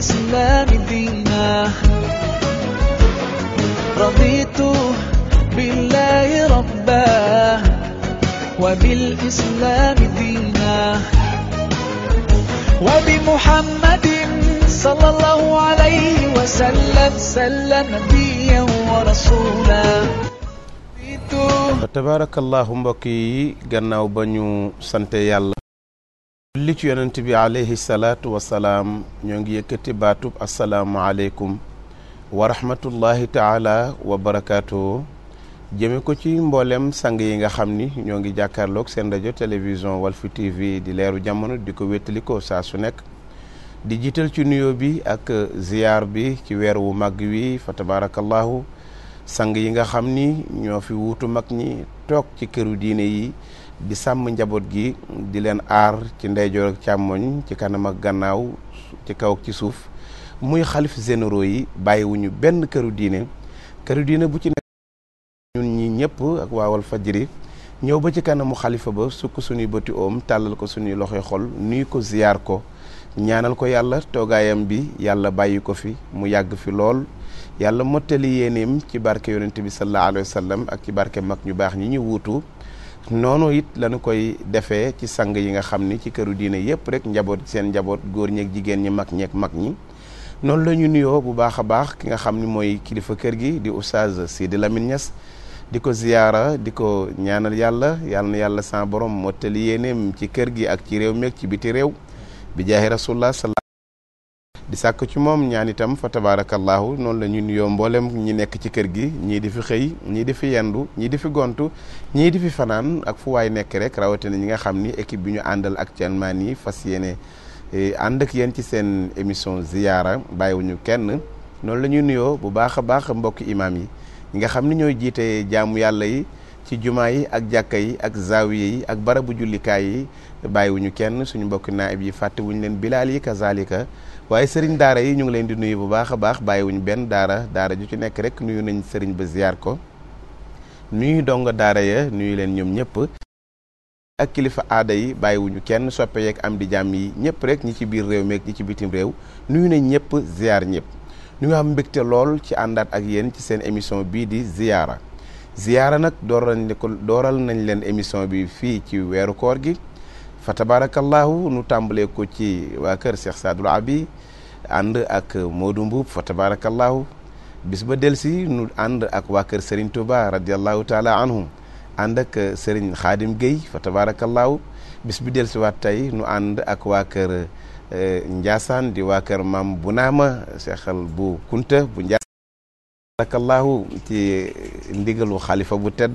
الإسلام دينا رضيت بالله ربا وبالإسلام دينا وبمحمد صلى الله عليه وسلم سلم نبيا ورسولا tabaarakallahu mbokk yi gannaaw ba ñu sante yàlla julli ci yonent bi alayhi salaatu wasalaam ñoo ngi yëkkati baatub asalaamualeykum wa rahmatullahi taala wa barakaatu jëme ko ci mboolem sang yi nga xam ni ñoo ngi jàkkaarloog seen rajo télévision Walfu TV di leeru jamono di ko wéttali ko saa su nekk di jiital ci nuyoo bi ak ziyaar bi ci weer wu mag wi fa tabaarakallahu sang yi nga xam ni ñoo fi wuutu mag ñi toog ci këru diine yi di sàmm njaboot gi di leen aar ci ndeyjoor ak càmmoñ ci kanam ak gannaaw ci kaw ak ci suuf muy xalif généraux yi bàyyiwuñu benn këru diine këru diine bu ci nekk ñun ñi ñëpp ak waawal fajri ñëw ba ci kanamu xalifa ba sukk suñuy bëti om tàllal ko suñuy loxoy xol nuy ko ziyaar ko ñaanal ko yàlla toogaayam bi yàlla bàyyi ko fi mu yàgg fi lool yàlla mottali yéeneem ci barke yonent bi sallallahu alayhi ak ci barke mag ñu baax ñi ñu wuutu noonu it lañu koy defee ci sang yi nga xam ni ci këru diine yëpp rek njaboot seen njaboot góor ñeek jigéen ñi mag ñeek mag ñi noonu la ñu nuyoo bu baax a baax ki nga xam ni mooy kilifa kër gi di si Sidi Lamine ñas di ko ziyaara di ko ñaanal yàlla yàlla na yàlla sa borom mottali yéeneem ci kër gi ak ci réew meeg ci biti réew bi jaahi rasulullah di sàkk ci moom ñaan itam fa tabaarakallaahu noonu la ñu nuyoo mboolem ñi nekk ci kër gi ñii di fi xëy ñii di fi yendu ñii di fi gontu ñii di fi fanaan ak fu waay nekk rek rawatina ñi nga xam ni équipe bi ñu àndal actuellement nii fas yéene eh, ànd ak yéen ci seen émission ziyaara bàyyiwuñu kenn noonu la ñuy nuyoo bu baax a baax mbokki imaam yi ñi nga xam ni ñooy jiite jaamu yàlla yi ci jumaa yi ak jàkka yi ak zaawiya yi ak barabu jullikaay yi bàyyiwuñu kenn suñu mbokki naayib yi fàttewuñu leen bilaal waaye sëriñ daara yi ñu ngi leen di nuyu bu baax a baax bàyyiwuñ benn daara daara ju ci nekk rek nuyu nañ sëriñ ba ziyaar ko nuyu dongo daara ya nuyu leen ñoom ñëpp ak kilifa aada yi bàyyiwuñu kenn soppe yeeg am di jàmm yi ñëpp rek ñi ci biir réew meek ñi ci bitim réew nuyu nañ ñëpp ziyaar ñëpp ñu ngi am mbégte lool ci àndaat ak yéen ci seen émission bii di ziyaara ziyaara nag dooral nañ leen émission bi fii ci weeru koor gi fa tabarakallahu nu tàmbalee ko ci waa kër Cheikh Sadul Abi ànd ak Modou Mbuub fa tabaarakallaahu bis ba delsi nu ànd ak waa kër Serigne Touba radiallahu taala anhum ànd ak Khadim Gueye fa tabaarakallaahu bis delsi waat tey nu ànd ak waa kër eh, Ndiassane di waa kër bu naama seexal bu kunta bu Ndiassane xalifa bu tedd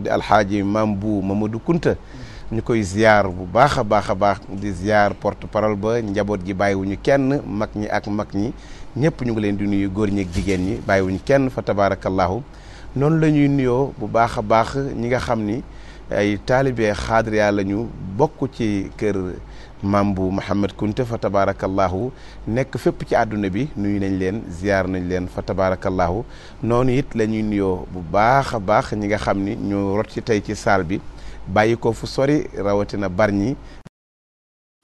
di alxaaji maam bu Mamadou Kunta ñu koy ziar bu baax a baax a baax di ziar porte parole ba njaboot gi bàyyiwuñu kenn mag ñi ak mag ñi ñëpp ñu ngi leen di nuyu góor ñi ak jigéen ñi bàyyiwuñu kenn fa tabaarakallaahu noonu la ñuy nuyoo bu baax a baax ñi nga xam ni ay taalibe xaadiriya la ñu bokk ci kër maam bu Mouhamed Kunte fa tabaarakallaahu nekk fépp ci àdduna bi nuyu nañ leen ziar nañ leen fa tabaarakallaahu noonu it la ñuy nuyoo bu baax a baax ñi nga xam ni ñu rot ci tey ci saal bi bàyyi ko fu sori rawatina bar Bargny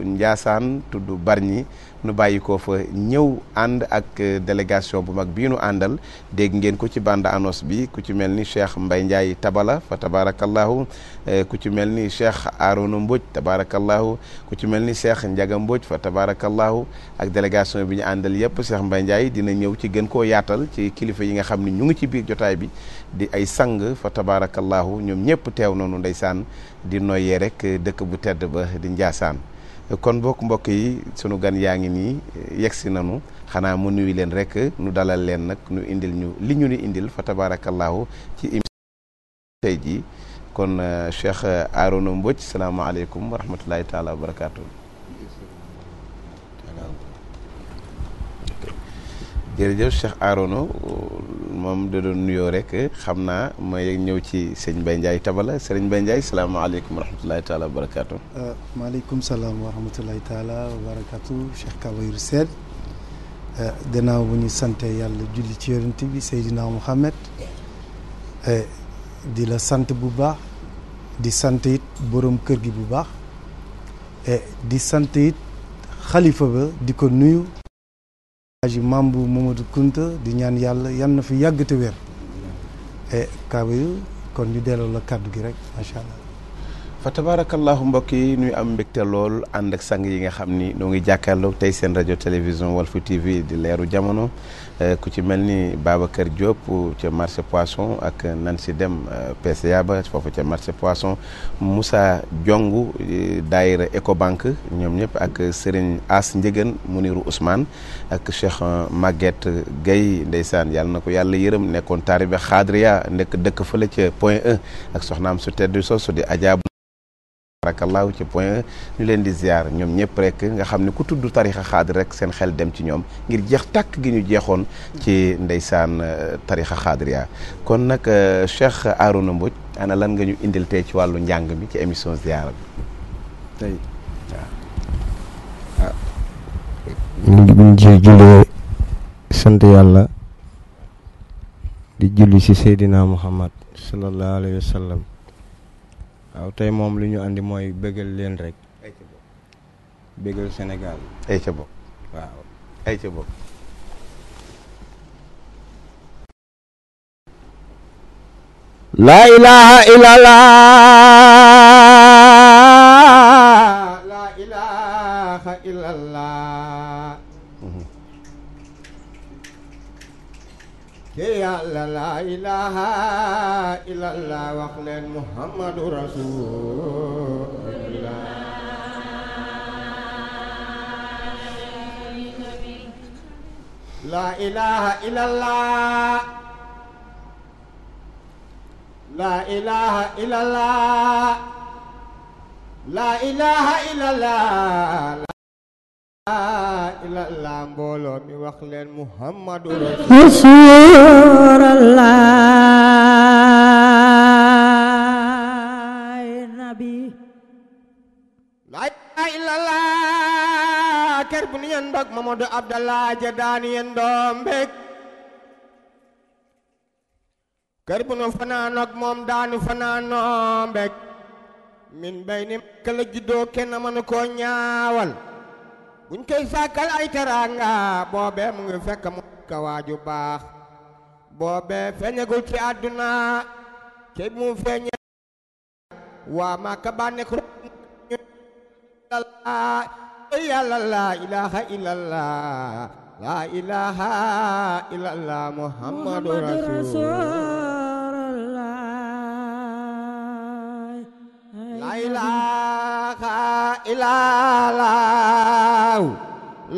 Njaasaan tudd Bargny nu bàyyikoo fa ñëw ànd ak euh, délégation bu mag bii nu àndal dégg ngeen ko ci bànd annonce bi ku ci mel ni Cheikh Mbaye Ndiaye Tabala fa tabarakallahu euh, ku ci mel ni Cheikh Arouna Mbodj tabarakallahu ku ci mel ni Cheikh Ndiaga Mbodj fa tabarakallahu ak délégation bi ñu àndal yëpp Cheikh Mbaye Ndiaye dina ñëw ci gën koo yaatal ci kilifa yi nga xam ni ñu ngi ci biir jotaay bi di ay sang fa tabarakallahu ñoom ñëpp teew noonu ndeysaan di noyyee rek euh, dëkk bu tedd ba di Njaasaan kon mbokk mbokk yi sunu gan yaa ngi nii yegsi nanu xanaa mu leen rek nu dalal leen nag nu indil ñu li ñu ni indil fa tabaarakallaahu ci émission tey jii kon euh, Cheikh Arouna Mbodj salaamaaleykum wa rahmatullahi taala wa barakaatu. jërëjëf Cheikh Arono moom da doon nuyoo rek xam naa ma ñëw ci sëñ Baye Ndiaye Tabala sëriñ Baye Ndiaye salaamaaleykum wa rahmatulahi taala wa barakaatu. Euh, maaleykum salaam wa wa barakaatu euh, gannaaw bu ñu santee yàlla julli ci yonent bi Seydina Mouhamed euh, di la sant bu baax di sant it borom kër gi bu baax di sant it xalifa ba di ko nuyu. aji Mambu Mamadou Kunta di ñaan yàlla yan na fi yàgg te wér e Kabir kon ñu delloo la kàddu gi rek macha allah. fa tabaarakallaahu mbokk yi ñuy am mbégte lool ànd ak sang yi nga xam ni ñoo ngi jàkkaarloo tey seen rajo télévision Walfu TV di leeru jamono. Euh, ku ci mel ni kër Diop ca marché poisson ak nan si Dem euh, PCA ba foofu ca marché poisson Moussa Diongu euh, daayira Ecobank ñoom ñëpp ak Serigne As Njëgën Muniru Ousmane ak Cheikh Maguette Guèye ndeysaan yàlla na ko yàlla yërëm nekkoon taaribe xaadriya nekk dëkk fële ca Point E ak soxnaam su tedd soosu di Adja tabaarakallaahu ci point e. ñu leen di ziar ñoom ñëpp rekk nga xam ne ku tudd tarixa xaadir rek seen xel dem ci ñoom ngir jeex tàkk gi ñu jeexoon ci ndeysaan euh, tarixa xaadir yaa kon nag euh, Cheikh Arouna Mbodj ana lan nga ñu indil ci wàllu njàng mi ci émission ziar bi tey waaw ah. jullee sant yàlla di julli ci Seydina Muhammad sallallahu alayhi waaw tey moom li ñu andi mooy bëggal leen rek. ay ca bopp bëggal ay ca bopp ilaaha illallah. ci yàlla laa ilaha illallah wax leen muhammadu rasulullah laa ilaha illallah laa ilaha illallah laa ilaha illallah ilallah mbooloo mi wax leen muhammadu rasulallah nabi la ilallah ker bu ni yen dog abdallah jadaani yen doom bek ker nu fanaanoog moom daanu fanaanoom bek min bay ni kala juddoo kenn mënu koo ñaawal buñ koy sàkkal ay teraanga boobee mu ngi fekk mu ka baax boobee feeñagul ci àdduna te mu feeñe waa maka bànneeku yàlla laa ilaaha illallah laa ilaaha illallah muhammadu rasulullah laa ilaaha illallah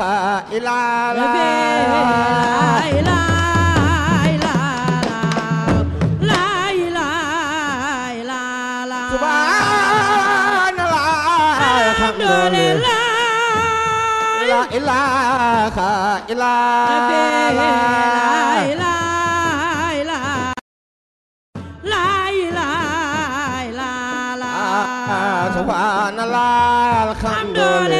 إلا لا إله إله إلا لا سبحان الله الحمد لله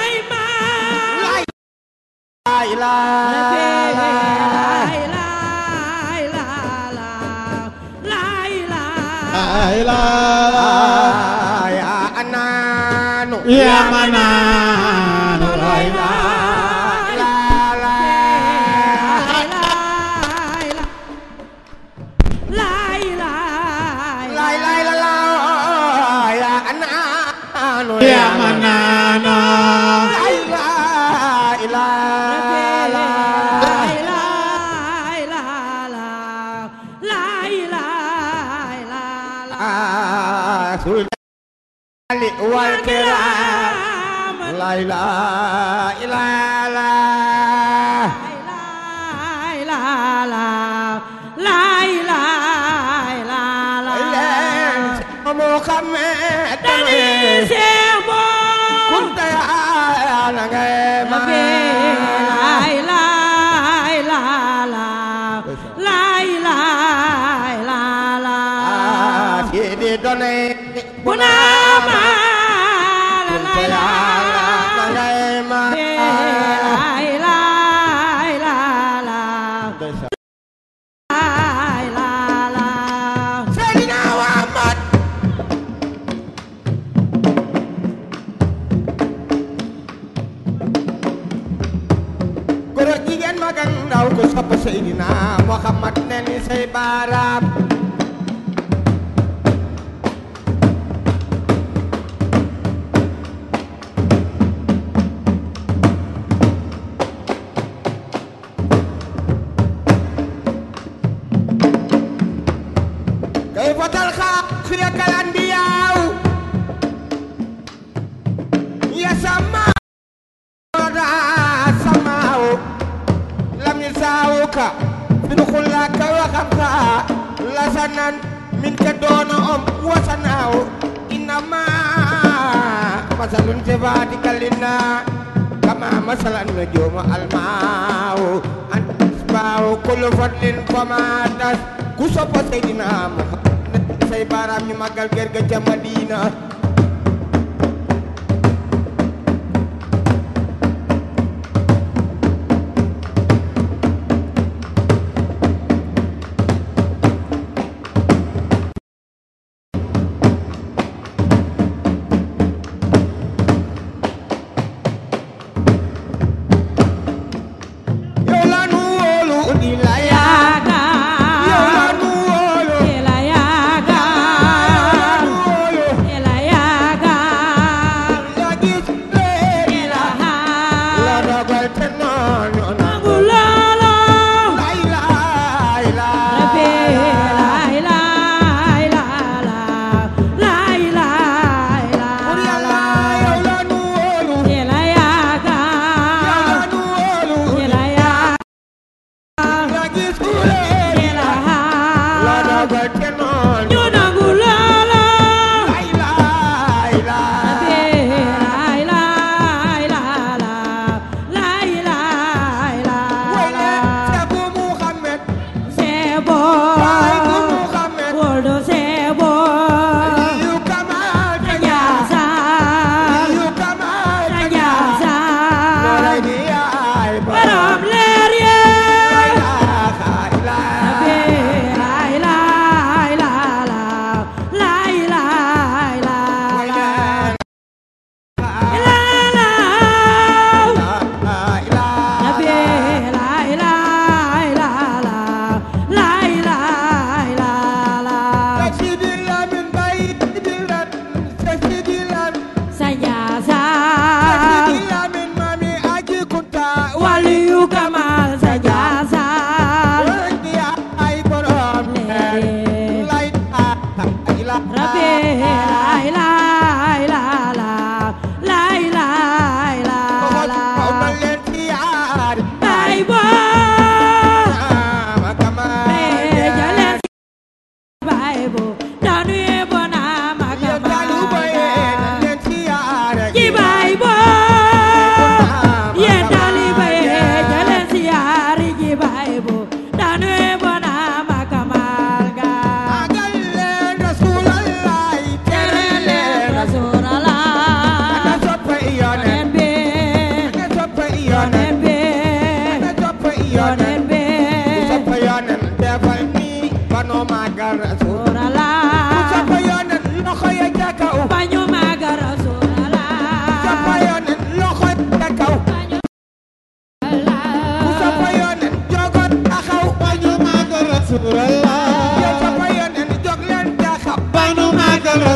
ya mana ko soppa Seydina Muhammad ne ni say baaraam ku soppa Seydina Muhammad say baaraam ñu màggal ger ga ca Madina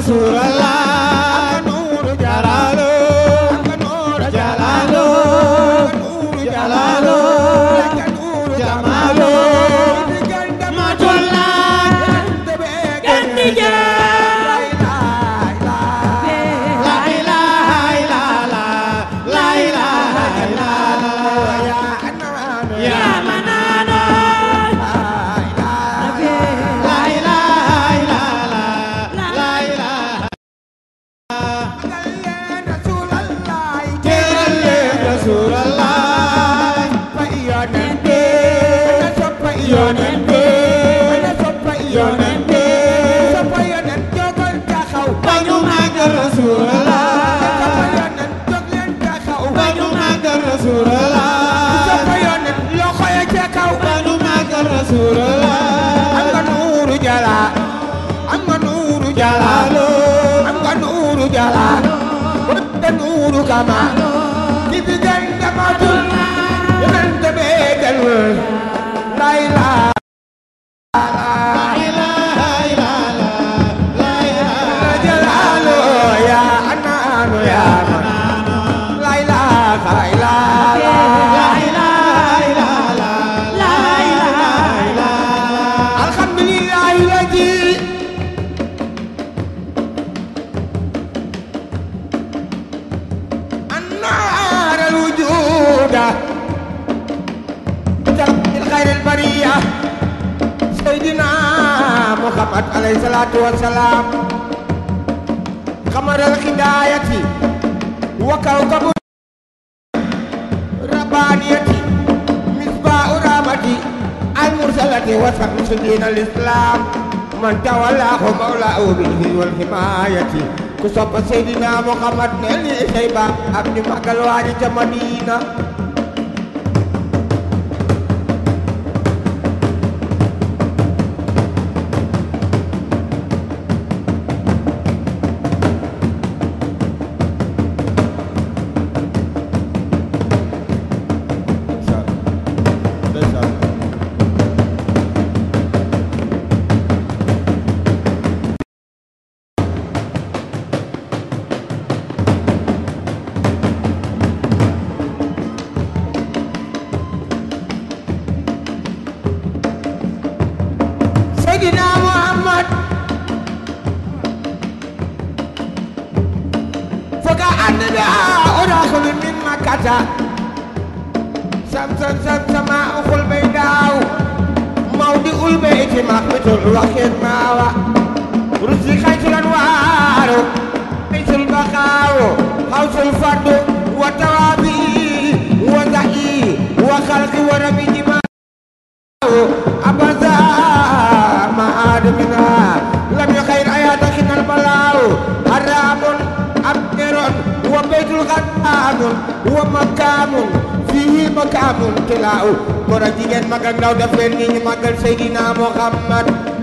Rasul wilayati wa kawkabu rabbaniyati misba'u rahmati al-mursalati wa shamsu dinal islam man tawallahu mawla'u bihi wal himayati ku sopp Seydina Muhammad ne li say ba am ñu magal waaji ca Madina مقبت الوقت ماوى رزق حيث الانوار حيث البقاء حوث الفرد وتوابي وضحي وخلق وربي دماء أبدا ما عاد منها لم يخير حياتك البلاء حرام أبدر وبيت الغنام ومقام فيه مقام تلاؤ góor ak jigéen mag ak ndaw def leen nii ñu màggal Seydina Muhammad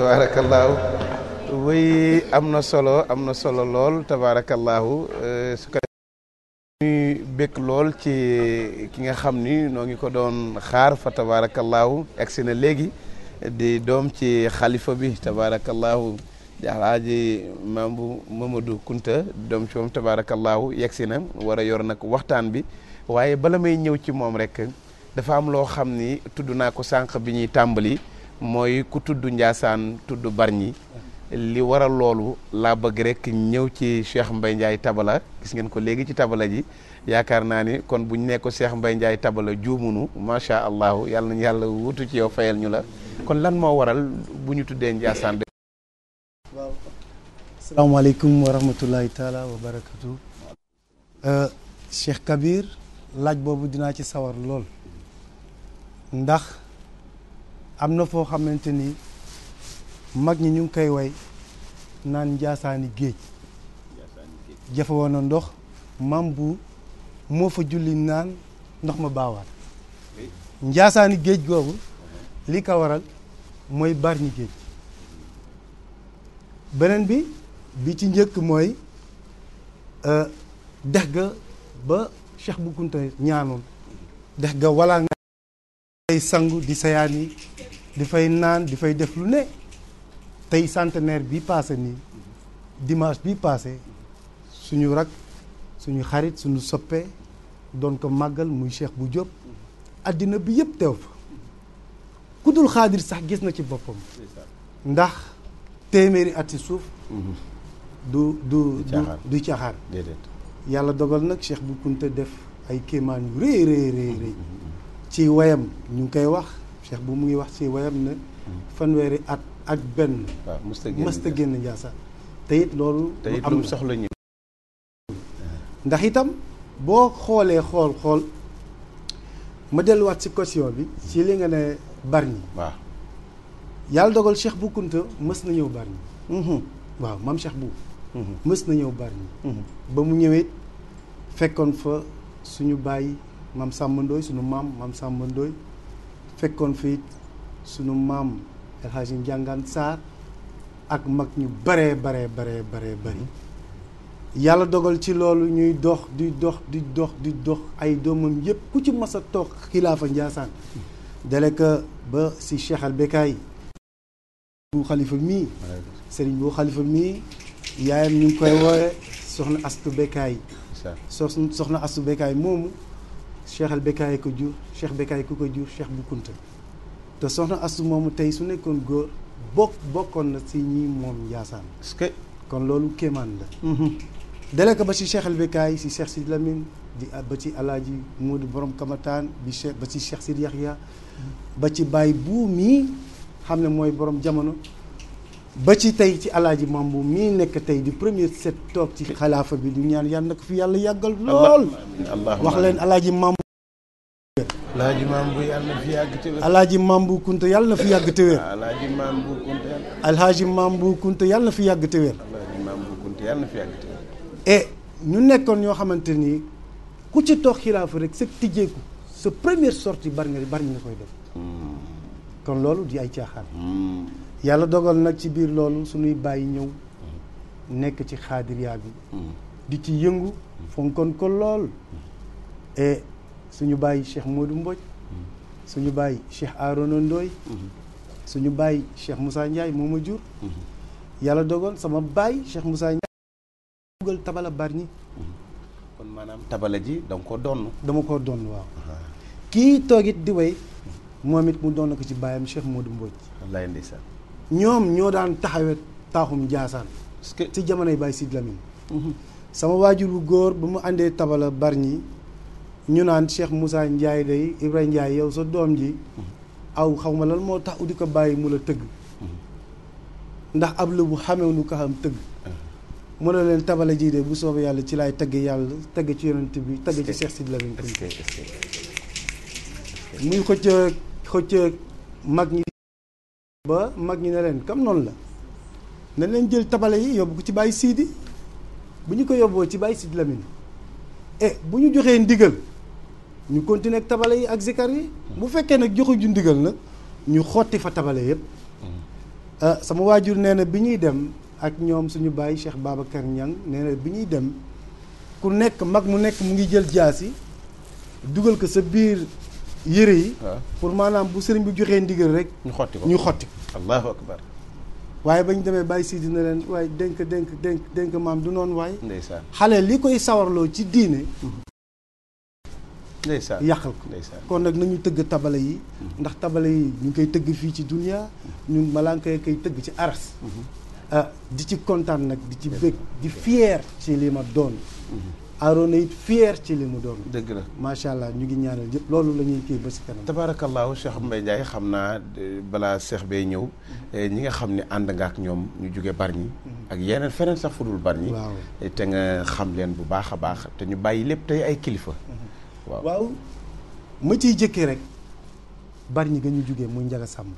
tabaarakallaahu oui am na solo am na solo lool tabaarakallaahu euh, su ko ñuy békk lool ci ki nga xam ni noo ngi ko doon xaar fa tabaarakallaahu agsi na léegi di doom ci xalifa bi tabaarakallaahu di alaaji Mambu Mamadou Kunta doom ci moom tabaarakallaahu yegsi na war a yor nag waxtaan bi waaye bala may ñëw ci moom rek dafa am loo xam ni tudd naa ko sànq bi ñuy tàmbali mooy ku tudd Njaasaan tudd Bargny li waral loolu laa bëgg rek ñëw ci Cheikh Mbaye Ndiaye Tabala gis ngeen ko léegi ci Tabala ji yaakaar naa ni kon buñ ne ko Cheikh Mbaye Ndiaye Tabala juumunu macha allah yàlla nañu yàlla wutu ci yow fayal ñu la kon lan moo waral bu ñu tuddee Njaasaan de waaw asalaamaaleykum wa rahmatullahi taala wa barakatu euh, Cheikh Kabir laaj boobu dinaa ci sawar lool ndax am na foo xamante ni mag ñi ñu ngi koy way naan njaasaani géej jafe woon na ndox mam bu moo fa julli naan ndox ma baawaat njaasaani géej googu uh-huh. li ko waral mooy barñi géej beneen bi bi ci njëkk mooy euh, dex ga ba Cheikh bu Kounta ñaanoon dex ga walla nga ay sangu di sayaan yi di fay naan di fay def lu ne tey centenaire bi paase nii dimaas bi passé suñu rak suñu xarit suñu soppee doon ko màggal muy Cheikh bu Diop àddina bi yëpp teew fa ku dul xaadir sax gis na ci boppam ndax téeméeri at ci suuf du du du caaxaan yàlla dogal nag Cheikh bu Kounta def ay kéemaan yu rëy rëy mm-hmm. ci wayam ñu ngi koy wax cheikh bu mu wax ci wayam ne at ak benn mësta génn Ndiassane te it loolu soxla ñu ndax itam boo xoolee xool xool ma delluwaat ci question bi ci li nga ne Bargny yàlla dogal cheikh bu Kunta mës na ñëw Bargny mm-hmm. waaw maam cheikh bu mm-hmm. mës na ñëw Bargny mm-hmm. ba mu ñëwee fekkoon fa suñu bàyyi maam Samba sunu maam maam Samba fekkoon fii sunu maam El Hadji Njàngaan Sarr ak mag ñu baree baree baree baree yàlla dogal ci loolu ñuy dox di dox di dox di dox ay doomam yépp ku ci masa a toog xilaafa Njaasaan dale ba si Cheikh al bu xalifa mii sëriñ bu xalifa mii yaayam ñu ngi koy woowe soxna astu Bekaay soxna astu Bekaay moomu cheikh al Bekkaay ko jur cheikh Bekkaay ku ko jur cheikh bu Kunta te soxna Astou moomu tey su nekkoon góor bokk bokkoon na si ñi moom yaasaan est que kon loolu kéemaan la. Mhm. dale ko ba ci cheikh al Bekkaay si cheikh Sidi Lamine di ba ci alaaji Moodu borom Kamataan bi cheikh ba ci cheikh Sidi Yaxya ba ci Baye Bou mii xam ne mooy boroom jamono. ba ci tey ci alaaji Mambu mii nekk tey di premier set toog ci xalaafa bi du ñaan yàlla na fi yàlla yàggal lool wax leen alaaji Mambu alaaji maam bu yàlla na fi yàgg te wér. yàlla na fi yàgg te wér. alaaji maam bu kunta yàlla. na fi yàgg te wér. E, ñu nekkoon ñoo xamante ni ku ci toog xilaafa rek sa tijjeeku sa première sortie bari nga bari nga koy def. Hmm. kon loolu di ay caaxaan. Hmm. yàlla dogal nag ci biir loolu suñuy bàyyi ñëw nekk ci xaadiriyaa bi. Hmm. di ci yëngu fonkoon ko lool e, suñu bàyyi Cheikh Modou Mbodj suñu bàyyi Cheikh Arona Ndoye suñu bàyyi Cheikh Moussa Ndiaye moo ma jur yàlla dogoon sama bàyyi Cheikh Moussa Ndiaye dugal tabala barñi kon maanaam tabala ji danga ko donn dama ko donn waaw kii toogit di way moom it mu doon ko ci bàyyam Cheikh Modou Mbodj wallaay ndeysaan ñoom ñoo daan taxawee taaxum jaasaan ci jamonoy Baye Sidy Lamine mhm. sama waajur góor ba mu àndee tabala barñi ñu naan Cheikh Moussa Ndiaye day Ibrahima Ndiaye yow sa doom ji aw xaw ma lan moo tax u di ko bàyyi mu la tëgg ndax ab la bu xamee nu ko xam tëgg mu ne leen tabale jii de bu soobee yàlla ci laay tagg yàlla tagg ci yonent bi tagg ci Cheikh Sidi Lamine muy xëccëg xëccëg mag ñi ba mag ñi ne leen kam noonu la nañ leen jël tabale yi yóbbu ko ci bàyyi siidi bu ñu ko yobboo ci bàyyi Sidi Lamine eh, bu ñu joxee ndigal ñu continuer ak tabale yi ak zikar yi bu fekkee nag joxu ju ndigal nag ñu xotti fa tabale yëpp mm-hmm. euh, sama waajur nee na bi ñuy dem ak ñoom suñu bàyyi Cheikh Babacar Niang nee bi ñuy dem ku nekk mag mu nekk mu ngi jël jaas yi dugal ko sa biir yëre yi ah. pour maanaam bu sëriñ bi joxee ndigal rek ñu xotti ko xotti allahu akbar waaye ba ñu demee bàyyi sii dina leen waaye dénk dénk dénk dénk maam du noonu waaye ndeysaan xale li koy sawarloo ci diine mm-hmm. yàqal ko kon nag nañu tëgg tabala yi ndax tabala yi ñu ngi koy tëgg fii ci dunia ñu malaa nga koy tëgg ci aras mhm. ah, di ci kontaan nag di ci bëgg di fier ci li ma doon mhm. Arona it fier ci li mu doon. dëgg la macha allah ñu ngi ñaanal yëpp loolu la ñuy kii ba si kanam. tabaarakallaahu Cheikh xam naa eh, balaa Cheikh bay ñëw. Mhm. Eh, ñi nga xam ne ànd nga ak ñoom ñu jóge Bargny. ak yeneen feneen sax fu dul Bargny. Eh, te nga xam leen bu baax a baax te ñu bàyyi lépp tey ay kilifa. waaw ma ciy jëkkee rek bari ñi nga ñu jógee muy njaga sàmm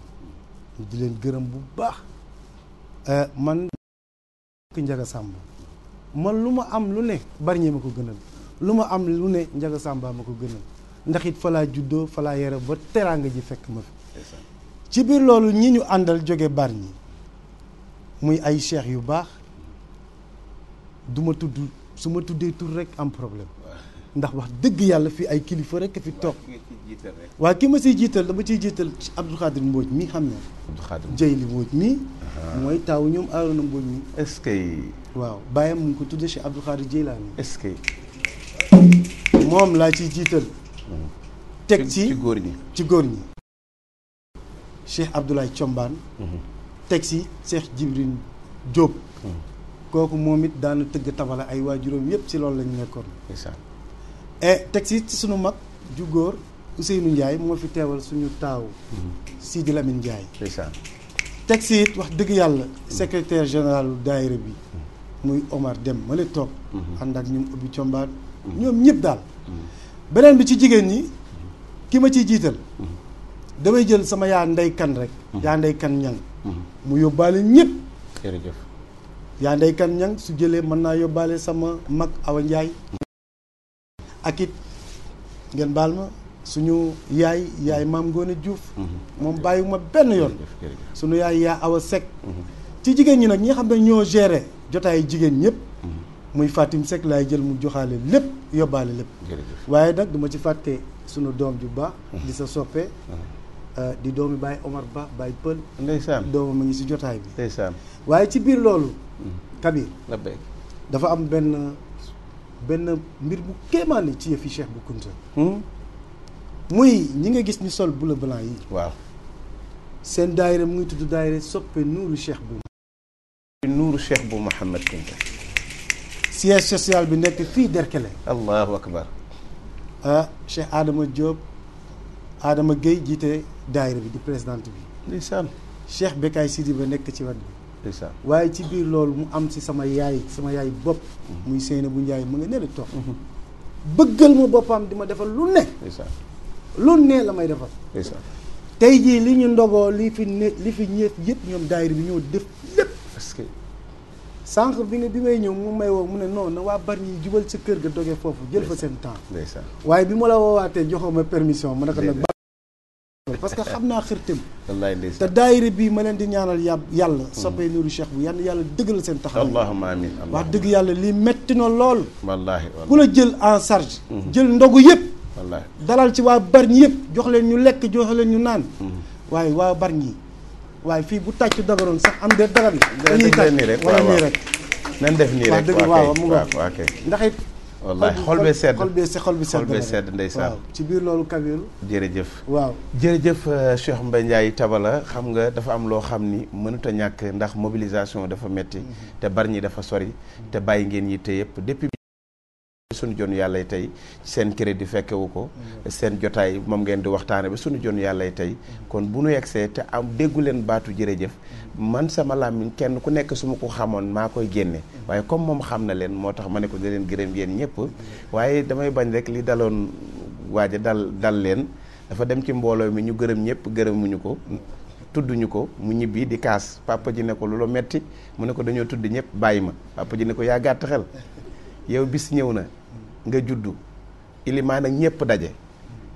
di leen gërëm bu baax euh, man ki njaga sàmm man lu ma am lu ne bari ñi ma ko gënal lu ma am lu ne njaga sàmbaa ma ko gënal ndax it fa laa juddoo fa laa ba teraanga ji fekk ma fi ci biir loolu ñi ñu àndal jóge bari ñi muy ay cheikh yu baax duma tudd su ma tuddee tur rek am problème ndax wax dëgg yàlla fi ay kilifa rek fi toog waaw ki ma siy jiital dama ciy jiital ci Khadir Mbodj mi xam ne Jeyli Mbodj mii mooy taaw ñoom Arouna Mbodj mii est waaw bàyyam mu ko tudde Cheikh Abdou Khadir Jeylaani est moom laa ciy jiital teg ci ci góor ñi ci góor ñi Cheikh Abdoulaye Thiombane mhm. teg ci Cheikh Djibril Diop mhm. kooku moom it daana tëgg tabala ay waajuróom yëpp ci loolu lañu nekkoon et teg si ci sunu mag ju góor Ousseynou Ndiaye moo fi teewal suñu taaw Sidi Lamine Ndiaye teg si it wax dëgg yàlla secrétaire général daayira bi muy Omar Dem ma la toog ànd ak ñoom ubbi combaat ñoom ñëpp daal beneen bi ci jigéen ñi ki ma ciy jiital damay jël sama yaa ndey kan rek yaa ndey kan ñang mu yóbbaale ñëpp yaa ndey kan ñang su jëlee mën naa yóbbaale sama mag Awa Ndiaye ak it ngeen baal ma suñu yaay yaay maam Ngoone juuf mhm. moom bàyyiwuma benn yoon suñu yaay yaa Awa Seck mhm. ci jigéen ñi nag ñi xam ne ñoo géré jotaayu jigéen ñëpp mhm. muy Fatim Seck laay jël mu joxaale lépp yóbbaale lépp waaye nag duma ci fàtte sunu doom ju baax di sa soppe euh, di doomi Baye Omar Ba Baye Pël ndeysaan doomam a ngi si jotaay bi waaye ci biir loolu Kabir dafa am benn benn mbir bu kéemaane ci yëfi Cheikh bu Kounta hmm? muy ñi nga gis ni sol bleu blanc yi waaw seen daayira mu ngi tudd daayira soppe nuuru Cheikh bu nuuru Cheikh bu Mouhamad Kounta siège social bi nekk fii Derkele allahu akbar ah Cheikh Adama Diop aadama Gueye jiite daayira bi di présidente bi ndeysaan Cheikh Bekaay Sidi ba nekk ci wet bi waaye ci biir loolu mu am si sama yaay sama yaay bopp mm-hmm. muy seene bu njaay mu nga nele toog mm-hmm. bëggal ma boppam di ma defal lu ne lu ne la may defal tey jii li ñu ndogoo li fi ne li fi ñeet yëpp ñoom daayir bi ñoo def lépp parce que sànq bi nga bi may ñëw mu may woo mu ne non na waa bari yi jubal sa kër ga dogee foofu jël fa seen temps waaye bi ma la woowaatee joxoo ma permission ma ne ko parce que xam naa xërtëm te daayira bii ma leen di ñaanal yà yàlla hmm. soppee Nuuru Cheikh bu yàlla yàlla dëggal seen taxawaay mi amiin wax dëgg yàlla lii metti na lool wallaahi ku la jël en charge hmm. jël ndogu yëpp wallaahi dalal ci waa Bargny yëpp jox leen ñu lekk jox leen ñu naan hmm. waaye waa Bargny waaye fii bu tàcc dagaroon sax am de dagar nii rek nan def nii rek wallaay xol bee sedd xol bee bi sedd xol bee sedd ndeysaan waaw ci biir loolu Kabirou. jërëjëf waaw jërëjëf euh, Cheikh Mbaye Ndiaye Tabala xam nga dafa am loo xam ni mënut ñàkk ndax mobilisation dafa metti mhm. te bar ñi dafa sori mhm. te bàyyi ngeen yi te yëpp depuis sunu jon yàllay tey seen crédit fekkewu ko mhm. seen jotaay moom ngeen di waxtaane ba sunu jon yàllay tey kon bu nu yegsee te am déggu leen baatu jërëjëf man sama làmmiñ kenn ku nekk su ma ko xamoon maa koy génne waaye comme moom xam na leen moo tax ma ne ko di leen gërëm yéen ñëpp waaye damay bañ rek li daloon waaja dal dal leen dafa dem ci mbooloo mi ñu gërëm ñëpp gërëmuñu ko tudduñu ko mu ñibbi di kaas papa ji ne ko lu la metti mu ne ko dañoo tudd ñëpp bàyyi ma papa ji ne ko yaa gàtt xel yow bis ñëw na nga juddu ilimaan ak ñëpp daje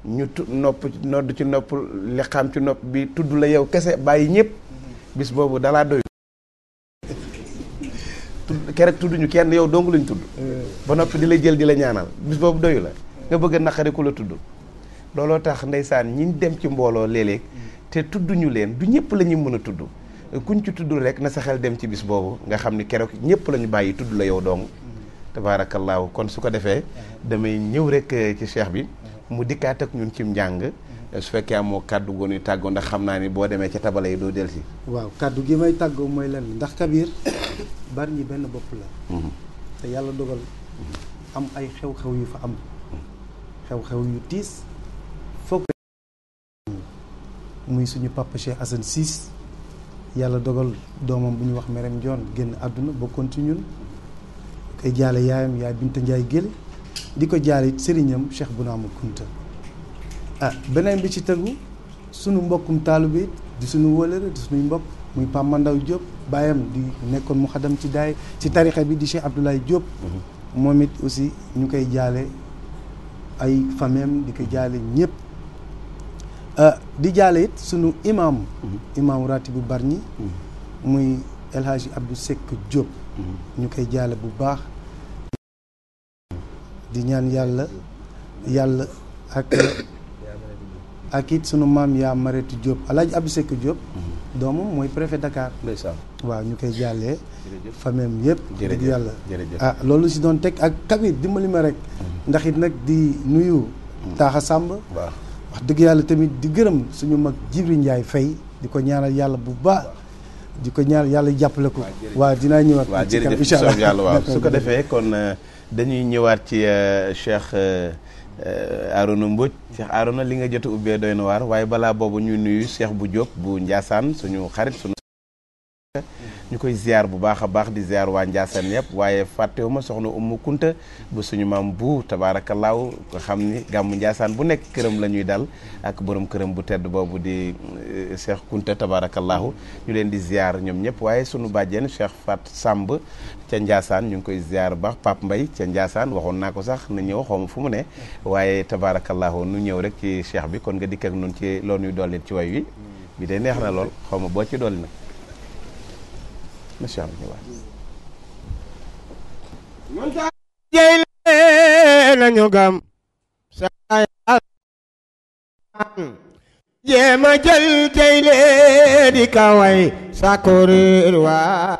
ñu tu nopp nodd ci nopp li xam ci nopp bi tudd la yow kese bàyyi ñëpp bis boobu dalaa doy tudd kerek tudduñu kenn yow dong lañ tudd ba noppi di la jël di la ñaanal bis boobu doyu la nga bëgg a naqari ku la tudd looloo tax ndeysaan ñi dem ci mbooloo léeg te tudduñu leen du ñëpp la ñuy mën a tudd kuñ ci tudd rek na sa xel dem ci bis boobu nga xam ni keroog ñëpp la ñu bàyyi tudd la yow dong tabaarakallaahu kon su ko defee damay ñëw rek eh, ci cheikh bi mu dikkaat ñun ci njàng su fekkee amoo kàddu gu ñuy tàggoo ndax xam naa ni boo demee ca tabala yi doo delsi waaw kàddu gi may tàggoo mooy lan ndax Kabir bari ñi benn bopp la mhm. te yàlla dogal am ay xew-xew yu fa am xew-xew yu tiis foog muy suñu papa Cheikh Assane yàlla dogal doomam bu ñu wax merem Ndione génn àdduna bokkoon ci ñun koy jaale yaayam yaay Binta Njaay Gél di ko jaale it sëriñam Cheikh Bounama Kounta ah beneen bi ci tegu sunu mbokkum taalibe bi di sunu wëlëre di suñuy mbokk muy Pape Mandaw Diop baayam di nekkoon mu xadam ci daay ci tarixa bi di Cheikh Abdoulaye Diop. Mhm. moom it aussi ñu koy jaale ay fameem di ko jaale ñëpp ah, di jaale it sunu imaam mhm. imaam ratibu barñi mhm. muy El Hadji Abdou Seck ñu koy jaale bu baax di ñaan yàlla yàlla ak ak it sunu maam yaa Marete Diop El Hadj Abdou Seck mhm. doomam mooy préfet Dakar. ndeysaan waaw ñu koy jàllee. jërëjëf famem yëpp. jërëjëf dëgg yàlla ah loolu si doon teg ak tamit dimbali ma rek. Mhm. ndax it nag di nuyu. Mhm. taaxa sàmb waaw dëgg yàlla tamit di gërëm suñu mag Jibril Ndiaye Faye di ko ñaaral yàlla bu baax. di ko ñaar yàlla jàppale ko. waa dinaa ñëwaat. waaw jërëjëf incha allah waaw ko defee kon euh, dañuy ñëwaat ci euh, Cheikh. Euh, Euh, Arona Mbodj Cheikh Arona li nga jot a ubbee doy na waar waaye balaa boobu ñuy nuyu Cheikh bu Diop bu Ndiassane suñu xarit suñu ñu koy ziar bu baax a baax di ziar waa Ndiassane yëpp waaye fàttewu ma soxna Umu Kunta ba suñu maam bu tabaarakallaahu nga xam ni gàmmu Ndiassane bu nekk këram la ñuy dal ak borom këram bu tedd boobu di eh, Cheikh Kunta tabaarakallaahu ñu leen di ziar ñoom ñëpp waaye suñu bàjjen Cheikh Fat Samb ca Ndiassane ñu ngi koy ziar baax Pape mbay ca Ndiassane waxoon naa ko sax na ñëw xawma fu mu ne waaye tabaarakallaahu nu ñëw rek ci cheikh bi kon nga dikk ak nun ci loolu ñuy dolli ci way wi bi day neex na lool xawma boo ci dolli macha allah jey nañu gam jéema jël jey lee di kaway sakorir waa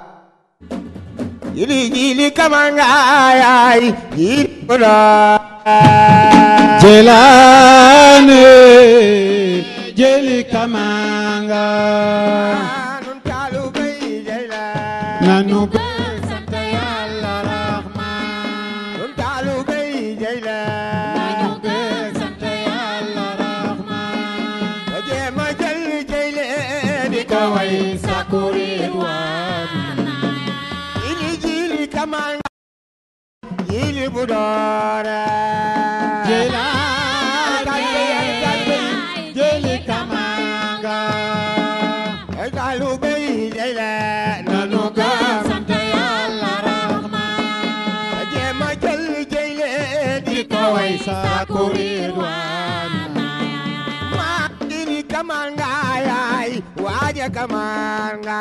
yili yili kamangaay yili kodaa jelaane jeli kamanga budore jelai jeli kamanga ay dalu bay jela nanu ga sant yalla rahman jema jël jele di kawai sa kurirwan ma dini kamanga ay waje kamanga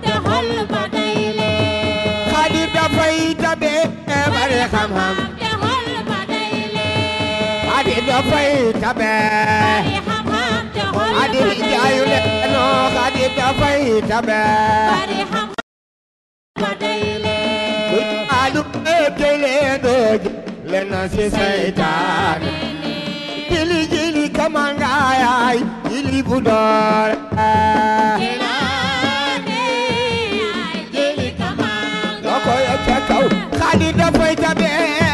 day xam-xam te xol ba day lee adi dafay tabe adi xam-xam te xol ba day lee adi jaayu leen adi dafay tabe adi xam-xam ba day lee alu day lee dooj leen si seytaan jili jili kamangaay jili bu doore jili jili kamanga koy ca kaw Xadi dafay tabe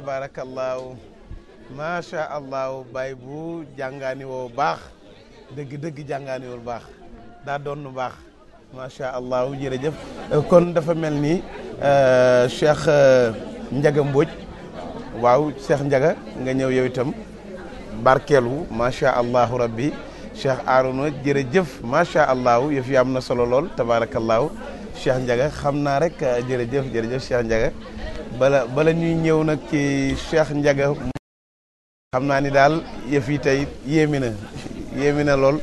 tabaarakallaahu macha allah baay bu jàngaani baax dëgg dëgg jàngaani baax daa doon nu baax macha allah jërëjëf. kon dafa mel ni euh, Cheikh euh, Ndiaga Mbodj waaw Cheikh Ndiaga nga ñëw yow itam barkeelu macha allah rabbi Cheikh Arouna jërëjëf macha allah yëf yi am na solo lool tabaarakallaahu Cheikh Ndiaga xam naa rek jërëjëf jërëjëf Cheikh Ndiaga. bala bala ñuy ñëw nag ci Cheikh Ndiaga xam naa ni daal yëf yi tey yéemi na yéemi na lool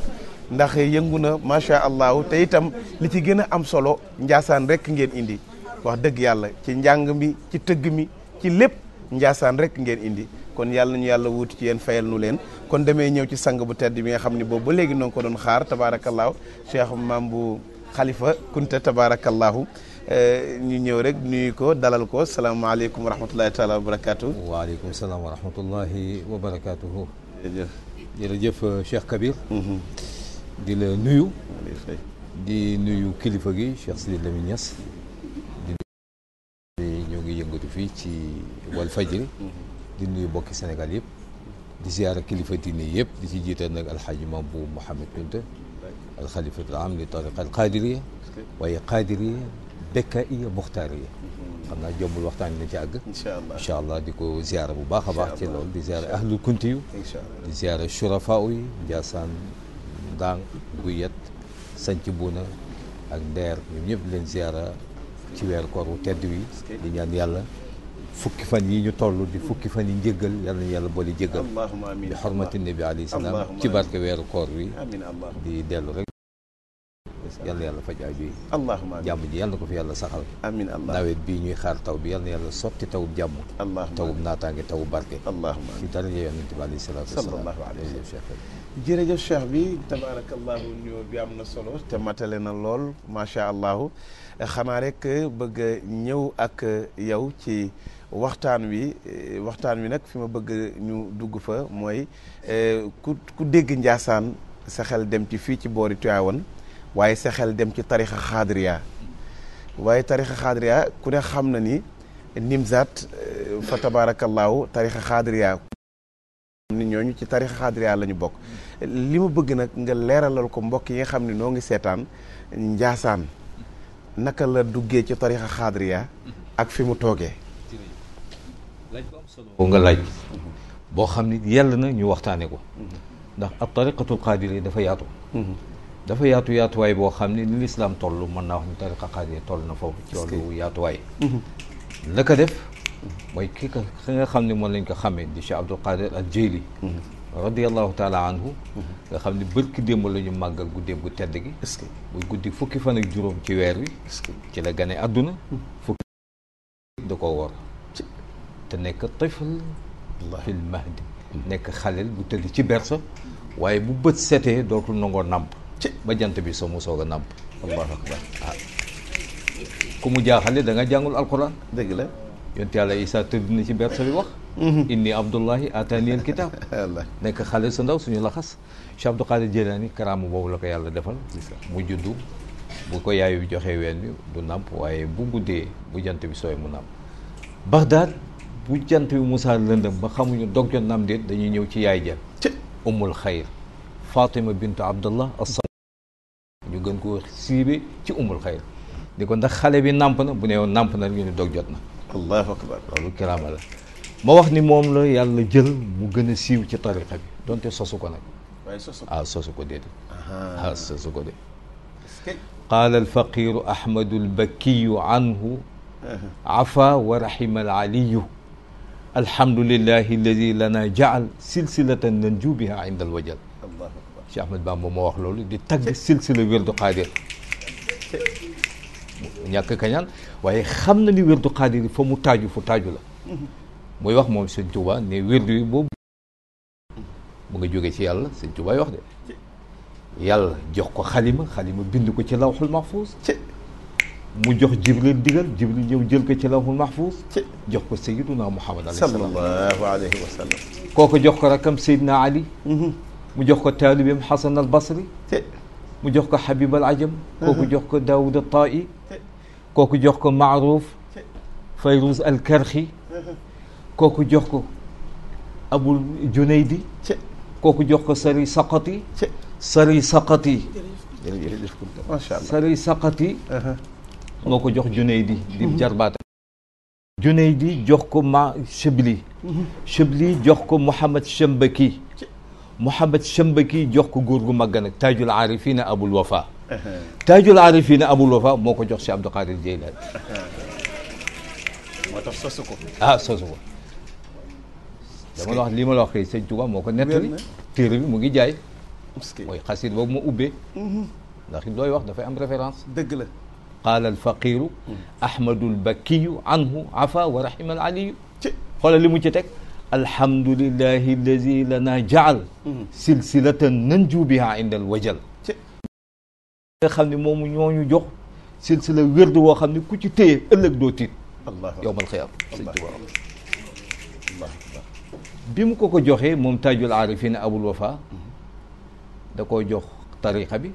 ndax yëngu na macha allah te itam li ci gën a am solo njaasaan rek ngeen indi wax dëgg yàlla ci njàng mi ci tëgg mi ci lépp njaasaan rek ngeen indi kon yàlla ñu yàlla wuutu ci yéen fayal leen kon demee ñëw ci sang bu tedd bi nga xam ne boobu ba léegi noo ko doon xaar tabaarakallaahu Cheikh Mambu xalifa kunta tabarakallahu eh, ñu ñëw rek nuyu ko dalal ko salaamaaleykum wa rahmatullahi taala wa barakaatu. waaleykum salaam wa rahmatullahi wa barakaatu. jërëjëf jërëjëf eh, Cheikh Kabir. Mhm. di la nuyu. di nuyu kilifa gi Cheikh Sidi Lamine Niass. di ñoo ngi yëngatu fii ci wal fajri mhm. di nuyu mbokki Sénégal yëpp. di ziara kilifa diine yëpp di ci jiital nag alxaaji Maam bu Mouhamed Kunta alxalifatu am li tariqa al qaadiriya waaye qaadiriya bekkaiya muxtaariya xam naa jombul waxtaan na ci àgg incha allah di ko ziara bu baax a baax ci loolu di ziara ahlul kunti yu di ziara shurafau yi njaasaan ndaang guyet sanc buuna ak ndeer ñoom ñëpp leen ziara ci weer koor wu tedd wi di ñaan yàlla fukki fan yi ñu toll di fukki fan yi njëggal yal nañu yàlla boole jéggal di xormati nabi alayhi salaam ci barke weeru koor wi di dellu rek yal na yàlla faj aajo yi allahumma jàmm ji ko yàlla saxal amiin allah nawet bii ñuy xaar taw bi yal na yàlla sotti tawub jàmm allahumma tawub naataange tawub barke allahumma ci daraja yonent bi alayhi salaatu wa salaam sallallahu alayhi wa sallam jërëjëf cheikh bi tabarakallahu nuyoo bi am na solo te matale na lool macha allahu xanaa rek bëgg ñëw ak yow ci waxtaan wi waxtaan wi nag fi ma bëgg ñu dugg fa mooy eh, ku dégg Njaasaan sa xel dem ci fii ci boori woon waaye sa xel dem ci tarixa xaadriya waaye tarixa xaadriya ku ne xam na ni nimzaat euh, fa tabaarakallaahu tarixa xaadriya ni ñooñu ci tarixa xaadriya la ñu bokk li ma bëgg nag nga leeralal ko mbokk yi nga xam ne noo ngi seetaan njaasaan naka la duggee ci tarixa xaadriya ak fi mu toogee laaj bu am solo nga laaj boo xam ni yàlla na ñu waxtaane ko mm-hmm. ndax ab tariqatul xaadir dafa yaatu mm-hmm. dafa yaatu yaatuwaay boo xam ne ni lislaam toll mën naa wax ni tariqa xaadir toll na foofu ci wàllu yaatuwaay mhm. ko def mooy ki ka ki nga xam ne moom lañ ko xamee di si Abdul Qadir al Jeyli mhm. radiallahu taala anhu mhm. nga xam ne bërki démb la ñu màggal guddeem gu tedd gi muy guddi fukki fan ak juróom ci weer wi ci la gane àdduna fukki da ko wor te nekk tifl fil mahdi nekk xalel bu tëdd ci bersa waaye bu bët setee dootul nangoo namp ci ba jant bi soo mu soog a nàmp allahu ah. ku mu jaaxale danga nga jàngul alquran dëgg la yonent yàlla isa tëdd na ci bersa bi wax mhm. inni abdullahi atani al kitab nekk xale sa ndaw suñu laxas Cheikh Abdou Qadir Jilani karaamu boobu la ko yàlla defal mu juddu bu ko yaayu joxee ween bi du nàmp waaye bu guddee bu jant bi sooy mu nàmp Bagdad bu jant bi musaa lëndëm ba xamuñu dog jot naam déet dañuy ñëw ci yaay ja ummul xayr Fatima bintu Abdallah gën koo siibe ci umul xayr di ko ndax xale bi nàmp na bu ne woon nàmp na ñu ne dog jot na allahu akbar loolu kiraama la ma wax ni moom la yàlla jël mu gën a siiw ci tariqa bi donte sosu ko nag waaw ah, sosu ko déedéet waaw ah, sosu ko de qaala alfaqiru ahmadu albakiyu anhu afa wa rahima alaliyu alhamdulillahi alladi lana jaal silsilatan nanju biha inda alwajal ci Ahmed Bamba moo wax loolu di tagg silsila wérdu xaadir ñàkk kañaan waaye xam na ni wérdu xaadir fa mu taaju fu taaju la mhm. muy wax moom sëñ Tuuba ne wérdu boobu mu nga jóge ci yàlla sëñ Tuuba yi wax de yàlla jox ko xalima xalima bind ko ci law mahfuus mu jox jibril digal jibril ñëw jël ko ci law mahfuz jox ko sayyiduna muhammad alayhi sallallahu alayhi wa sallam jox ko rakam sayyidina ali mhm. mu jox ko taalibeem Xasan al Basri mu jox ko Habib al Ajam kooku jox ko Daawud al Taai kooku jox ko Maaruf Fayruz al Karxi kooku jox ko Abul Junaydi kooku jox ko Sari Saqati Sari Saqati Sari Saqati moo ko jox Junaydi di jarbaata Junaydi jox ko ma Chibli mhm. Chibli jox ko Mouhamad Chambaki Mouhamed Chambaki jox ko góor gu mag nag Taajul Arifina Abul Wafa. Taajul Arifina Abul Wafa moo ko jox si Abdou Qadir Jeylaani. moo tax sosu ko. ah sosu ko. dama la wax lii ma la wax kay sëñ Touba moo ko nettali. téere bi mu ngi jaay. mooy xasir boobu ma ubbee. Mhm. ndax looy wax dafay am référence. dëgg la. qaala alfaqiru. Mhm. Ahmadul Bakiyu anhu afa wa rahima al aliyu. xoolal li mu ci teg. alhamdulillahi allazi lana jaal hmm. silsilatan nanju biha inda alwajal nga xam ne moomu ñooñu jox silsila wérdu woo xam ne ku ci téye ëllëg doo tiit yowmal xiyaam sëñ Tuubaa bi mu ko ko joxee moom taajul aarifina abul wafa hmm. da koo jox tariqa bi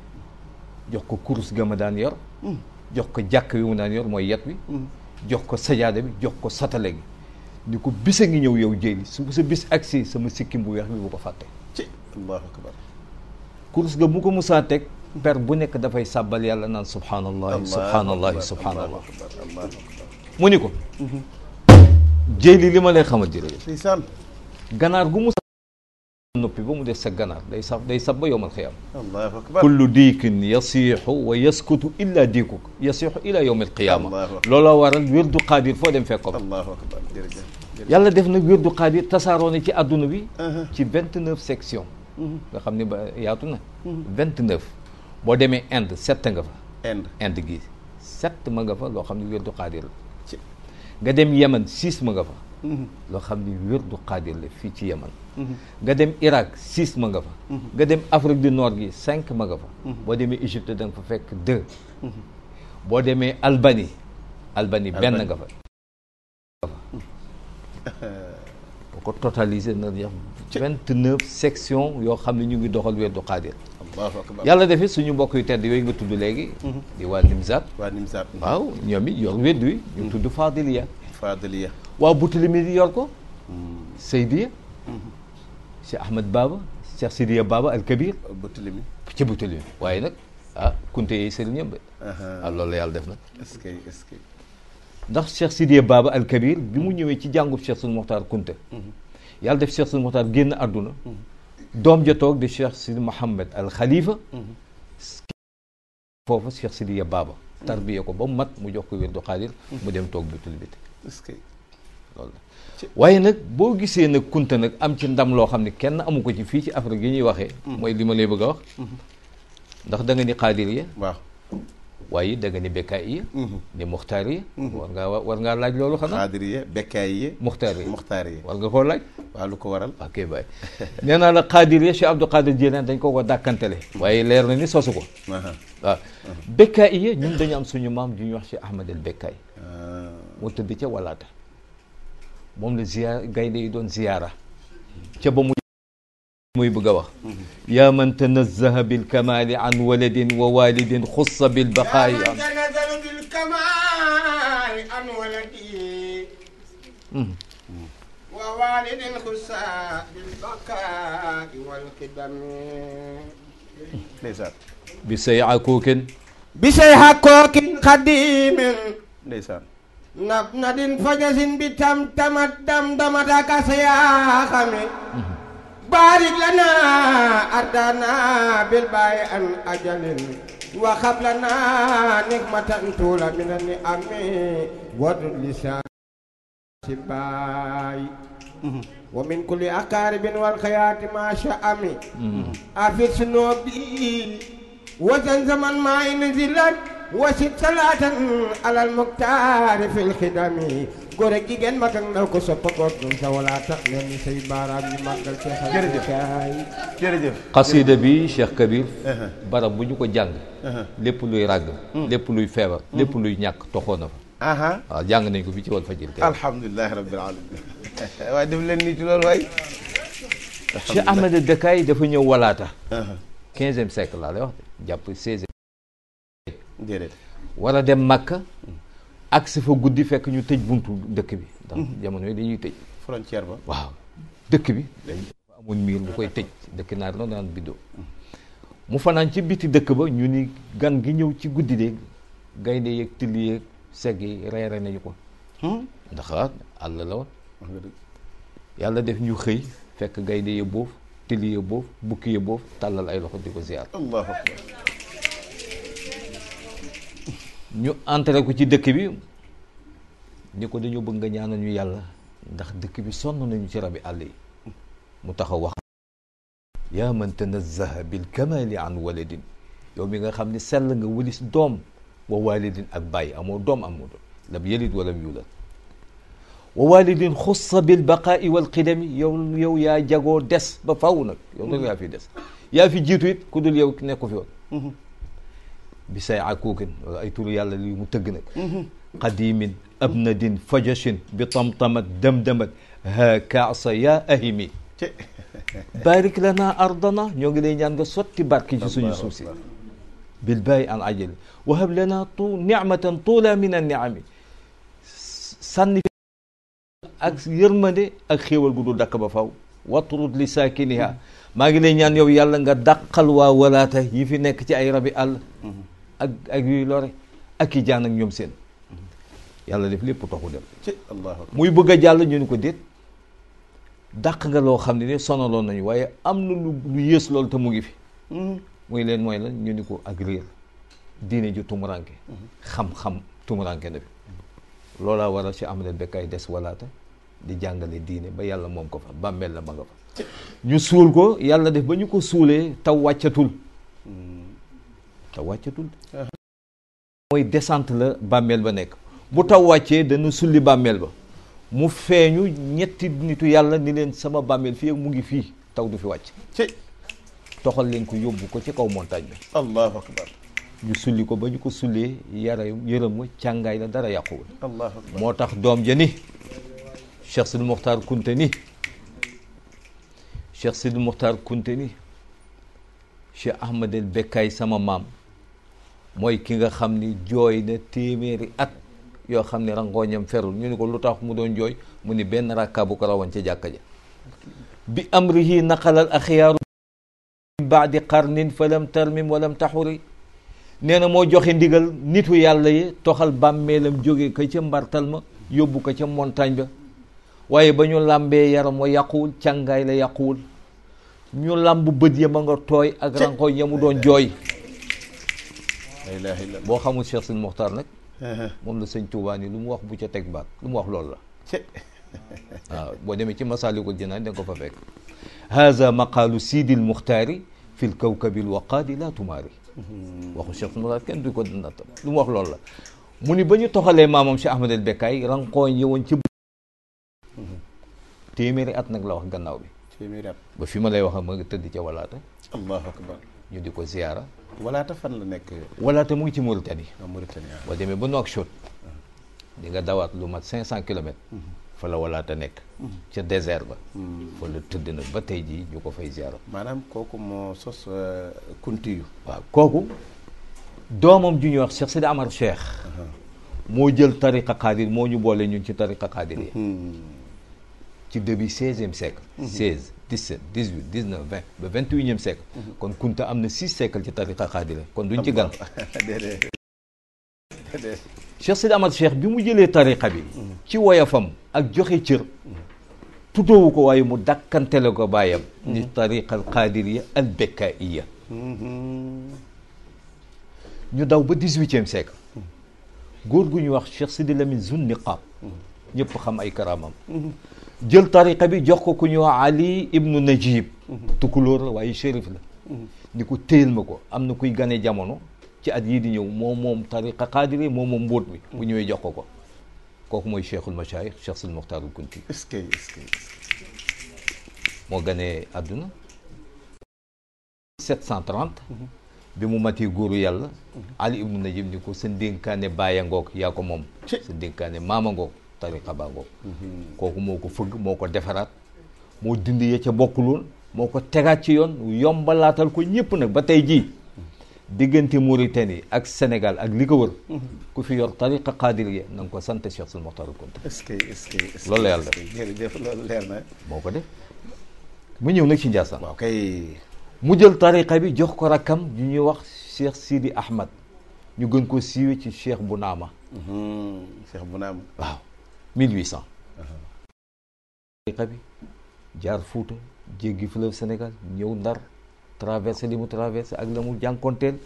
jox ko kurus ga ma daan yor hmm. jox ko jàkk yu mu daan yor mooy yet bi jox ko sajaada bi jox ko satale gi ni ko bis a ngi ñëw yow jëli su sa bis agsi sama sikkim bu weex bi bu ko fàtte ci allahu akbar ga mu ko musaa teg per bu nekk dafay sàbbal yàlla naan subhaanallahi subhaanallahi subhaanallah mu ni ko jëli mhm. li ma lay xamal jërëjëf ganaar gu musaa noppi ba mu des sa ganaar day saf day saf ba yowmal xiyaam allahu akbar kullu diikin yasiixu wa yaskutu illa diikuk yasiixu ila yowmal qiyaama looloo waral wérdu xaadir foo dem fekkoon allahu akbar jërëjëf yàlla def na wérdu xaadir tasaaroo na ci àdduna bi ci vingt neuf section nga xam ne ba yaatu na vingt neuf boo demee Inde sept nga fa Inde Inde gi sept ma nga fa loo xam ne wérdu xaadir la nga dem Yemen six ma nga fa loo xam ni wérdu xaadir la fii ci Yaman nga dem Irak six ma nga fa nga dem Afrique du Nord gi cinq ma nga fa boo demee Égypte danga nga fa fekk deux boo demee Albanie Albanie benn nga fa boo ko totaliser na yax vingt neuf section yoo xam ne ñu ngi doxal wérdu xaadir yàlla defee suñu mbokk yu tedd yooyu nga tudd léegi mhm. di waa Nimzaat waa Nimzaat waaw ñoom it yor wérdu yi ñu mhm. tudd Fadiliya Fadiliya waaw Boutilimi di yor ko hmm. Seydiya hmm. Cheikh Ahmed Baba Cheikh Sidiya Baba al Kabir Boutilimi ci Boutilimi waaye nag ah kunte yey sëriñ ñëpp ah loolu la yàlla def nag est-ce que est-ce que ndax Cheikh Sidiya Baba al Kabir bi mu ñëwee ci jàngub Cheikh Sidi Mokhtar Kunte hmm. yàlla def Cheikh Sidi Mokhtar génn àdduna doom ja toog di Cheikh Sidi Mohamed al Khalifa foofu Cheikh Sidiya Baba tarbiya ko ba mu mat mu jox ko wér du xaadir mu dem toog Boutilimi loolu la waaye nag boo gisee nag kunta nag am ci ndam loo xam ne kenn amu ko ci fii ci Afrique yi ñuy waxee. Mm-hmm. mooy li ma lay bëgg a wax. Mm-hmm. ndax da nga ni xaadir ya waaw waaye da nga ni bekkaay yi. Mm-hmm. ni muxtaar yi. war ngaa war ngaa laaj loolu xanaa. xaadir ya bekkaay yi. muxtaar yi yi war nga koo laaj. waaw lu ko waral. ok baay nee naa la xaadir ya Cheikh Abdou Qadir dañ ko ko dàkkantele. waaye leer na ni sosu ko. waaw bekkaay ñun dañu am suñu maam ju ñuy wax ci Ahmad el Bekkaay. moo tëdd ca walaata moom la ziyaar gaynde yi doon ziyaara ca ba mu muy bëgg a wax mm-hmm. yaa man tanazzaha bilkamaali an waladin wa walidin xussa bilbaqaayi an mm-hmm. Mm-hmm. wa walidin xussa bilbaqaayi walqidami bisay akookin bisay akookin xadimin ndeysaan nag na din fajasin bi tam tamat dam damata kasa yaa xame mhm. barik lana ardana bil bayi an ajalin wa xablana nikmatan tuula mina ni ami wadul lisan si baay mhm. wa min kulli aqaaribin wal xayaati ma sha ami mhm. afit sunoo bi wa zan zaman maa inzilat wasit salaatan alal muktaari fil xidami góor ak jigéen mag ak ko soppa góor sa wala tax leen ni say baaraam ñu màggal ci xaay bi Cheikh Kabir uh-huh. bu ñu ko jàng uh-huh. lépp luy ràgg mm. luy feebar mm. lépp luy ñàkk uh-huh. jàng nañ ko fi ci wal fajir waaye def leen nii ci loolu waay Cheikh Ahmed Dakaay dafa ñëw walaata quinzième jàpp seizième déedéet war a dem Makka ak fa guddi fekk ñu tëj buntu dëkk bi ndax mhm. jamono yi dañuy tëj frontière ba waaw dëkk bi dafa amoon miir bu koy tëj dëkk naar la daan biddo mhm. mu fanaan ci biti dëkk ba ñu ni gan gi ñëw ci guddi de gaynde yeeg till yeeg segg yi reere nañu ko hmm? ndax ah, àll la woon yàlla def ñu xëy fekk gaynde ya boof till ya boof bukki ya tàllal ay loxo di ko ziar ñu entré ko ci dëkk bi ñu ko dañu bëgg nga ñaanal ñu yàlla ndax dëkk bi sonn nañu ci rabi àll yi mu taxaw wax yaa man tanazzaha bil kamali an waladin yow mi nga xam ne sell nga wëlis doom wa walidin ak bàyyi amoo doom amu doom lam yalid walam yulad wa walidin xussa bil baqaai wal qidami yow yow yaa jagoo des ba faw nag yow nag yaa fi des yaa fi jiitu it ku dul yow nekku fi woon mm-hmm. bi say akookin wala ay turu yàlla li mu tëgg nag mhm. qadimin abnadin fajashin bi tamtamak damdamak ha kaasa ya ahimi barik lana ardana ñoo ngi lay ñaan nga sotti barke ci suñu suuf si bil baayi an ajali wahab lana tu nicmatan tuula min an niami sànni ak yërmande ak xéewal gu du dakk ba faw watrud li saakiniha mhm. maa ngi lay ñaan yow yàlla nga dàqal waa walaata yi fi nekk ci ay rabi àll mhm. ak ak yuy lore ak i jaan ak ñoom seen yàlla def lépp toxu dem muy bëgg a jàll ñu ni ko déet dàq nga loo xam ne ne sonaloon nañu waaye am na lu lu yées loolu te mu ngi fi hmm. muy leen mooy lan ñu ni ko ak réer diine ju tumuranke hmm. xam-xam tumuranke na bi loolaa waral si am na bekkaay des walaata di jàngale diine ba yàlla moom ko fa bàmmeel la ma nga fa ñu suul ko yàlla def ba ñu ko suulee taw wàccatul hmm. taw wàccatul mooy desant la bàmmeel ba nekk bu taw wàccee dana sulli bàmmeel ba mu feeñu ñetti nitu yàlla ni leen sama bàmmeel fii mu ngi fii taw du fi wàcc toxal leen ko yóbbu ko ci kaw montagne bi ñu sulli ko ba ñu ko sulee yara yërëm wa càngaay la dara yàquwul moo tax doom ja ni Cheikh Sidi Mokhtar Kunte ni Cheikh Sidi Bekkaay sama maam mooy ki nga xam ni jooy na téeméeri at yoo xam ne rangooñam ferul ñu ni ko lu tax mu doon jooy mu ni benn rakka bu ko rawoon ca jàkka ja bi amrihi naqalal axiyaaru min baadi qarnin fa lam tarmim walam taxuri nee na moo joxe ndigal nitu yàlla yi toxal bàmmeelam jóge ko ca mbartal ma yóbbu ko ca montagne ba waaye ba ñu làmbee yaram wa yàquwul càngaay la yàquwul ñu làmb bët ya ma nga tooy ak rangooñ ya mu doon jooy la ilaha illallah boo xamul Cheikh Sëñ Mokhtar nag. moom la sëñ Touba ni lu mu wax bu ca teg baat lu mu wax loolu la. waaw boo demee ci Masaalikul Jinaan da nga ko fa fekk. haza maqaalu siidil muxtaari fil kawkabil waqaadi laa tumaari. Hmm. waxu Cheikh Sëñ Mokhtar kenn du ko dina nattam lu mu wax loolu la. mu ni ba ñu toxalee maamam Cheikh Ahmed El Bekkaay rankooñ yi woon ci. Hmm. téeméeri at nag la wax gannaaw bi. téeméeri at ba fi ma lay wax ma tëdd ca walaata. allahu akbar ñu di ko ziyaara. walaata fan la nekk. walaata mu ngi ci Mauritanie. Ah, Mauritanie ah. boo demee ba Nouakchott. Ah. di nga dawaat lu mat cent kilomètres. Mm-hmm. fa la walaata nekk. Mm-hmm. ca désert ba. Mm-hmm. fa la tëdd nag ba tey jii ñu ko fay ziaro. maanaam kooku moo sos euh, kunti yu. waaw kooku doomam ju ñuy wax Cheikh Sidi Amar Cheikh. moo jël tariqa xaadir moo ñu boole ñun ci tariqa xaadir yi. ci début 16e siècle. 16. 17 18 19 20 ba 21e siècle mhm. kon Kunta am na 6 siècle ci tariqa xaadira kon duñ ci gan Cheikh Cheikh bi mu jëlee tariqa bi mhm. ci woyafam ak joxe cër mhm. tuddoowu ko waaye mu dàkkantele ko bàyyam ni tariqa al qaadiriya ñu daw ba 18e siècle góor gu ñuy wax Cheikh Sidi Lamine Zun Niqab ñëpp xam ay karaamam jël tariqa bi jox ko ku ñuy wax Ali ibnu Najib mhm. tukkulóor la waaye shérif la mhm. ni ko téyel ma ko am na kuy gane jamono ci at yii di ñëw moom moom tariqa qaadiri moom moom mbóot bi bu ñëwee jox ko ko kooku mooy cheikhul machaayix cheikh sil muxtaarul kunti est-ce que est-ce que moo ganee àdduna 730 mhm. bi mu mati góoru yàlla ali ibnu najib ni ko sa ndénkaane baaya ngoog yaa ko moom sa ndénkaane tariqa bango mm-hmm. kooku moo ko fëgg moo ko defaraat moo dindi ya ca bokkuloon moo ko tegaat ci yoon yombalaatal ko ñëpp nag ba tey jii mm-hmm. diggante Mauritanie ak Sénégal ak li mm-hmm. ku fi yor tariqa qadiriyya na nga ko sant Cheikh Sidi Mokhtar Al Kounta que est-ce que est-ce que leer na moo ko def mu ñëw nag ci Ndiassane waaw jël tariqa bi jox ko rakkam yu ñuy wax Cheikh Sidi Ahmad ñu gën ko siiwee ci Cheikh Bounama Cheikh Bounama waaw 1800. tariqa bi jaar Fuuta jéggi fleuve Sénégal ñëw Ndar traversé li mu traversé ak la mu jànkonteel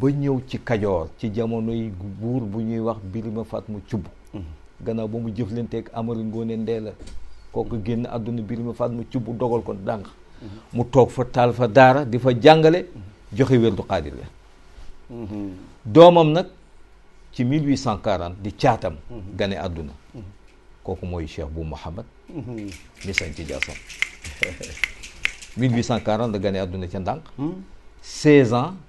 ba ñëw ci Kajoor ci jamonoy buur bu ñuy wax Birima Fatma Cubb gannaaw ba mu jëflanteeg Amari Ngoone Ndeela kooku génn àdduna Birima Fatma Cubb dogal ko dànq mu toog fa taal fa daara di fa jàngale joxe wérdu xaadir la mhm. doomam nag ci 1840 di caatam gane àdduna kooku mooy cheikh bu Mouhamad mi sañ ci Diassane 1840 gane àdduna ci ndànk 16 hmm. ans